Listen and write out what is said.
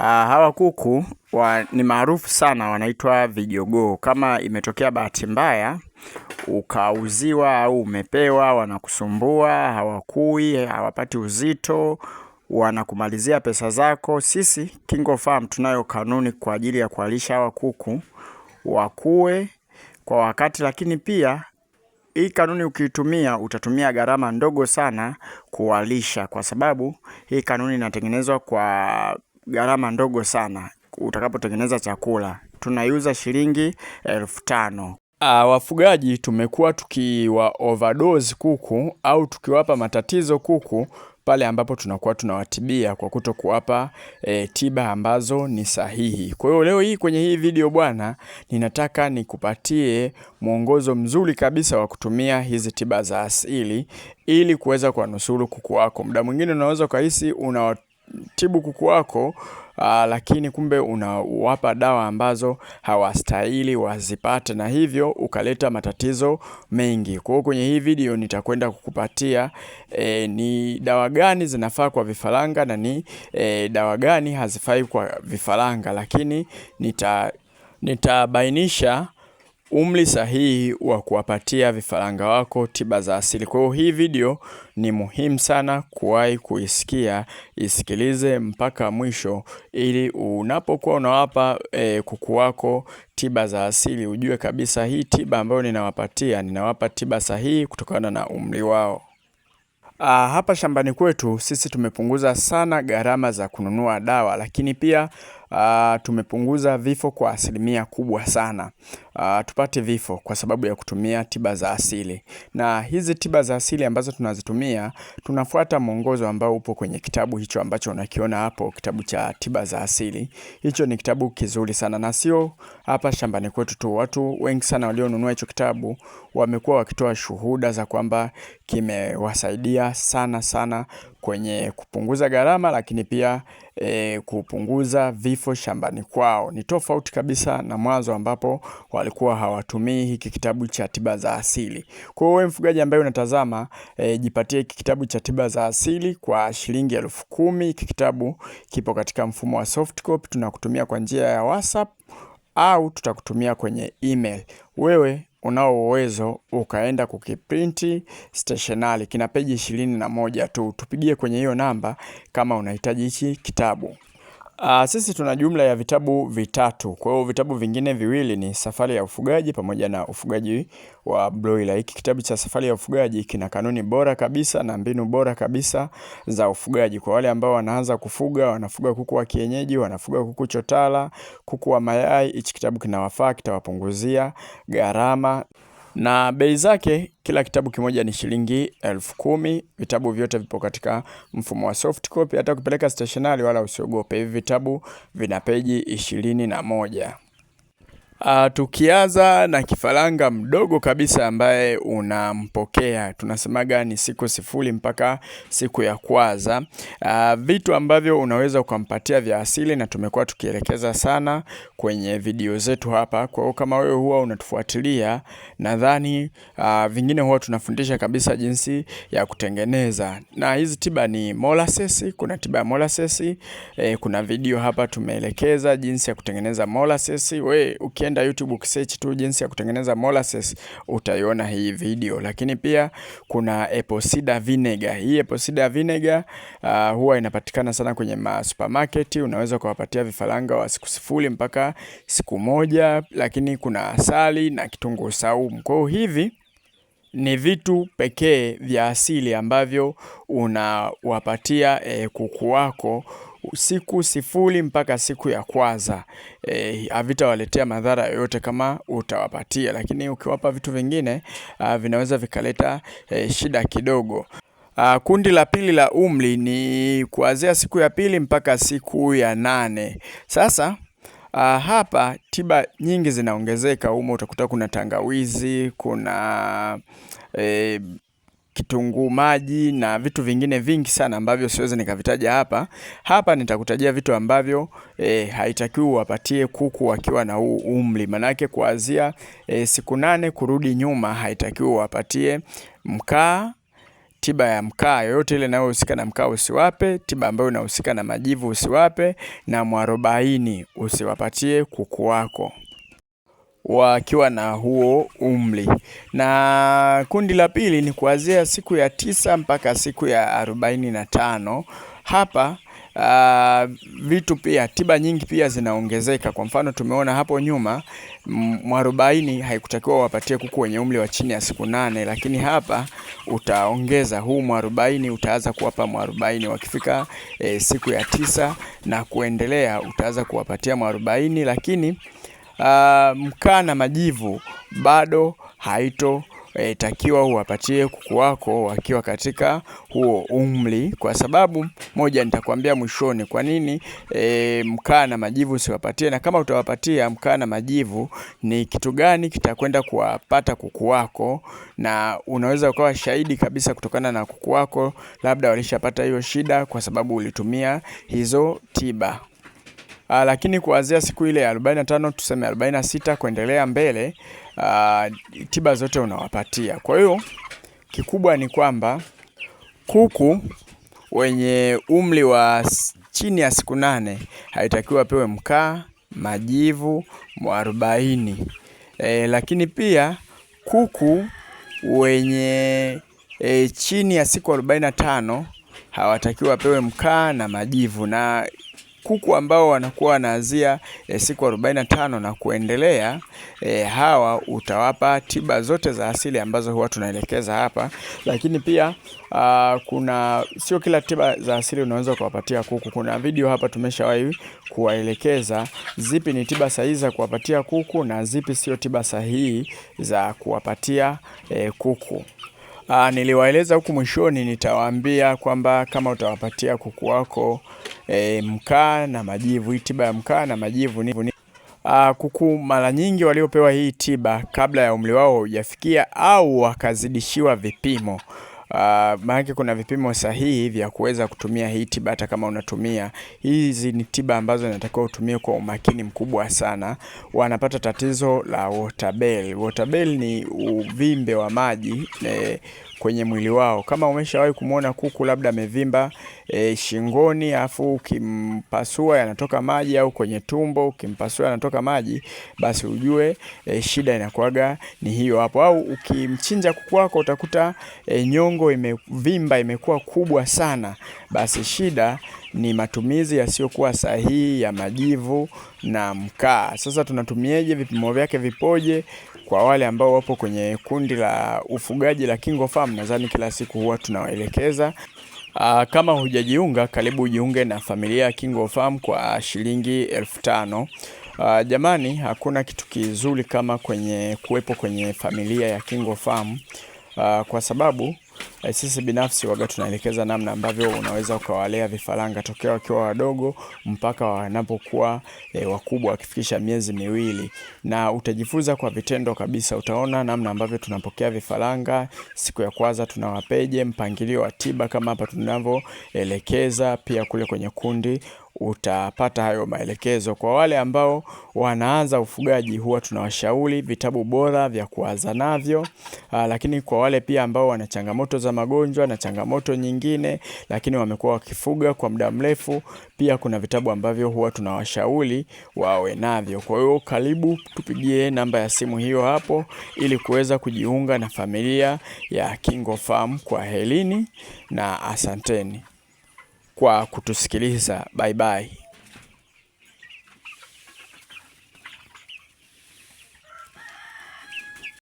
Ah, hawa kuku ni maarufu sana wanaitwa vijogoo. Kama imetokea bahati mbaya ukauziwa au umepewa, wanakusumbua, hawakui, hawapati uzito, wanakumalizia pesa zako. Sisi Kingo Farm tunayo kanuni kwa ajili ya kuwalisha hawa kuku wakue kwa wakati, lakini pia hii kanuni ukiitumia utatumia gharama ndogo sana kuwalisha, kwa sababu hii kanuni inatengenezwa kwa gharama ndogo sana utakapotengeneza chakula. Tunaiuza shilingi elfu tano. Uh, wafugaji tumekuwa tukiwa overdose kuku au tukiwapa matatizo kuku pale ambapo tunakuwa tunawatibia kwa kuto kuwapa e, eh, tiba ambazo ni sahihi. Kwa hiyo leo hii kwenye hii video bwana, ninataka nikupatie mwongozo mzuri kabisa wa kutumia hizi tiba za asili ili kuweza kuwanusuru kuku wako. Muda mwingine unaweza ukahisi una tibu kuku wako aa, ah, lakini kumbe unawapa dawa ambazo hawastahili wazipate, na hivyo ukaleta matatizo mengi. Kwa hiyo kwenye hii video nitakwenda kukupatia e, ni dawa gani zinafaa kwa vifaranga na ni e, dawa gani hazifai kwa vifaranga, lakini nita nitabainisha umri sahihi wa kuwapatia vifaranga wako tiba za asili. Kwa hiyo hii video ni muhimu sana kuwahi kuisikia, isikilize mpaka mwisho, ili unapokuwa unawapa e, kuku wako tiba za asili ujue kabisa hii tiba ambayo ninawapatia, ninawapa tiba sahihi kutokana na umri wao. Aa, ah, hapa shambani kwetu sisi tumepunguza sana gharama za kununua dawa, lakini pia uh, tumepunguza vifo kwa asilimia kubwa sana. Uh, tupate vifo kwa sababu ya kutumia tiba za asili, na hizi tiba za asili ambazo tunazitumia tunafuata mwongozo ambao upo kwenye kitabu hicho ambacho unakiona hapo, kitabu cha tiba za asili. Hicho ni kitabu kizuri sana, na sio hapa shambani kwetu tu. Watu wengi sana walionunua hicho kitabu wamekuwa wakitoa shuhuda za kwamba kimewasaidia sana sana kwenye kupunguza gharama, lakini pia e, kupunguza vifo shambani kwao. Ni tofauti kabisa na mwanzo ambapo walikuwa hawatumii hiki kitabu cha tiba za asili. Kwa hiyo wewe mfugaji ambaye unatazama e, jipatie hiki kitabu cha tiba za asili kwa shilingi elfu kumi. Hiki kitabu kipo katika mfumo wa soft copy, tunakutumia kwa njia ya WhatsApp au tutakutumia kwenye email. Wewe unao uwezo ukaenda kukiprinti steshonari, kina peji ishirini na moja tu. Tupigie kwenye hiyo namba kama unahitaji hichi kitabu. Uh, sisi tuna jumla ya vitabu vitatu. Kwa hiyo vitabu vingine viwili ni Safari ya Ufugaji pamoja na Ufugaji wa Broiler. Hiki kitabu cha Safari ya Ufugaji kina kanuni bora kabisa na mbinu bora kabisa za ufugaji kwa wale ambao wanaanza kufuga, wanafuga kuku wa kienyeji, wanafuga kuku chotala kuku wa mayai. Hichi kitabu kinawafaa, kitawapunguzia gharama na bei zake, kila kitabu kimoja ni shilingi elfu kumi. Vitabu vyote vipo katika mfumo wa soft copy, hata kupeleka stationery wala usiogope. Hivi vitabu vina peji ishirini na moja. Uh, tukianza na kifaranga mdogo kabisa ambaye unampokea, tunasemaga ni siku sifuri mpaka siku ya kwanza. Uh, vitu ambavyo unaweza ukampatia vya asili na tumekuwa tukielekeza sana kwenye video zetu hapa. Kwa hiyo kama wewe huwa unatufuatilia, nadhani uh, vingine huwa tunafundisha kabisa jinsi ya kutengeneza, na hizi tiba ni molasses. Kuna tiba ya molasses eh, kuna video hapa tumeelekeza jinsi ya kutengeneza molasses. Wewe ukienda YouTube ukisearch tu jinsi ya kutengeneza molasses utaiona hii video. Lakini pia kuna apple cider vinegar. Hii apple cider vinegar uh, huwa inapatikana sana kwenye ma supermarket. Unaweza kuwapatia vifaranga wa siku sifuri mpaka siku moja, lakini kuna asali na kitunguu saumu. Kwa hiyo hivi ni vitu pekee vya asili ambavyo unawapatia eh, kuku wako siku sifuri mpaka siku ya kwanza eh, havitawaletea e, madhara yoyote kama utawapatia, lakini ukiwapa vitu vingine a, ah, vinaweza vikaleta e, shida kidogo. Uh, kundi la pili la umri ni kuanzia siku ya pili mpaka siku ya nane. Sasa uh, hapa tiba nyingi zinaongezeka humo, utakuta kuna tangawizi, kuna eh, kitunguu maji na vitu vingine vingi sana ambavyo siwezi nikavitaja hapa. Hapa nitakutajia vitu ambavyo e, haitakiwi uwapatie kuku wakiwa na huu umri, manake kuanzia e, siku nane kurudi nyuma haitakiwi uwapatie mkaa tiba ya mkaa yoyote ile inayohusika na mkaa usiwape. Tiba ambayo inahusika na majivu usiwape, na mwarobaini usiwapatie kuku wako wakiwa na huo umri, na kundi la pili ni kuanzia siku ya tisa mpaka siku ya arobaini na tano. Hapa Uh, vitu pia tiba nyingi pia zinaongezeka. Kwa mfano tumeona hapo nyuma mwarobaini haikutakiwa wapatie kuku wenye umri wa chini ya siku nane, lakini hapa utaongeza huu mwarobaini, utaanza kuwapa mwarobaini wakifika e, siku ya tisa na kuendelea, utaanza kuwapatia mwarobaini lakini uh, mkaa na majivu bado haito E, takiwa uwapatie kuku wako wakiwa katika huo umri, kwa sababu moja nitakwambia mwishoni kwa nini e, mkaa na majivu usiwapatie, na kama utawapatia mkaa na majivu ni kitu gani kitakwenda kuwapata kuku wako, na unaweza ukawa shahidi kabisa kutokana na kuku wako labda walishapata hiyo shida, kwa sababu ulitumia hizo tiba. Uh, lakini kuanzia siku ile ya 45 tuseme 46 kuendelea mbele, uh, tiba zote unawapatia. Kwa hiyo kikubwa ni kwamba kuku wenye umri wa chini ya siku nane haitakiwa wapewe mkaa, majivu, mwarobaini. E, lakini pia kuku wenye e, chini ya siku 45 hawatakiwa pewe wapewe mkaa na majivu na kuku ambao wanakuwa wanaanzia e, siku 45 na kuendelea e, hawa utawapa tiba zote za asili ambazo huwa tunaelekeza hapa, lakini pia Uh, kuna sio kila tiba za asili unaweza kuwapatia kuku. Kuna video hapa tumeshawahi kuwaelekeza zipi ni tiba sahihi za kuwapatia kuku na zipi sio tiba sahihi za kuwapatia e, kuku. Ah, niliwaeleza huku mwishoni nitawaambia kwamba kama utawapatia kuku wako e, mkaa na majivu, hii tiba ya mkaa na majivu ni Aa, ah, kuku mara nyingi waliopewa hii tiba kabla ya umri wao hujafikia au wakazidishiwa vipimo Uh, maanake kuna vipimo sahihi vya kuweza kutumia hii tiba hata kama unatumia. Hizi ni tiba ambazo inatakiwa utumie kwa umakini mkubwa sana. Wanapata tatizo la waterbeil. Waterbeil ni uvimbe wa maji e, kwenye mwili wao. Kama umeshawahi kumwona kuku labda amevimba e, shingoni afu ukimpasua yanatoka maji, au kwenye tumbo ukimpasua yanatoka maji, basi ujue e, shida inakuwaga ni hiyo hapo, au ukimchinja kuku wako utakuta e, nyongo ubongo imevimba, imekuwa kubwa sana, basi shida ni matumizi yasiyokuwa sahihi ya majivu na mkaa. Sasa tunatumieje? Vipimo vyake vipoje? Kwa wale ambao wapo kwenye kundi la ufugaji la Farm, nadhani kila siku huwa tunawaelekeza. Kama hujajiunga, karibu ujiunge na familia ya Farm kwa shilingi elfu tano. Uh, jamani, hakuna kitu kizuri kama kwenye kuwepo kwenye familia ya Farm uh, kwa sababu Eh, sisi binafsi waga tunaelekeza namna ambavyo unaweza ukawalea vifaranga tokea wakiwa wadogo mpaka wanapokuwa e, wakubwa wakifikisha miezi miwili, na utajifunza kwa vitendo kabisa. Utaona namna ambavyo tunapokea vifaranga, siku ya kwanza tunawapeje, mpangilio wa tiba kama hapa tunavyoelekeza, pia kule kwenye kundi utapata hayo maelekezo. Kwa wale ambao wanaanza ufugaji, huwa tunawashauri vitabu bora vya kuanza navyo, ah, lakini kwa wale pia ambao wana changamoto za magonjwa na changamoto nyingine, lakini wamekuwa wakifuga kwa muda mrefu, pia kuna vitabu ambavyo huwa tunawashauri wawe navyo. Kwa hiyo karibu, tupigie namba ya simu hiyo hapo ili kuweza kujiunga na familia ya KingoFarm. helini na asanteni kwa kutusikiliza. Bye bye.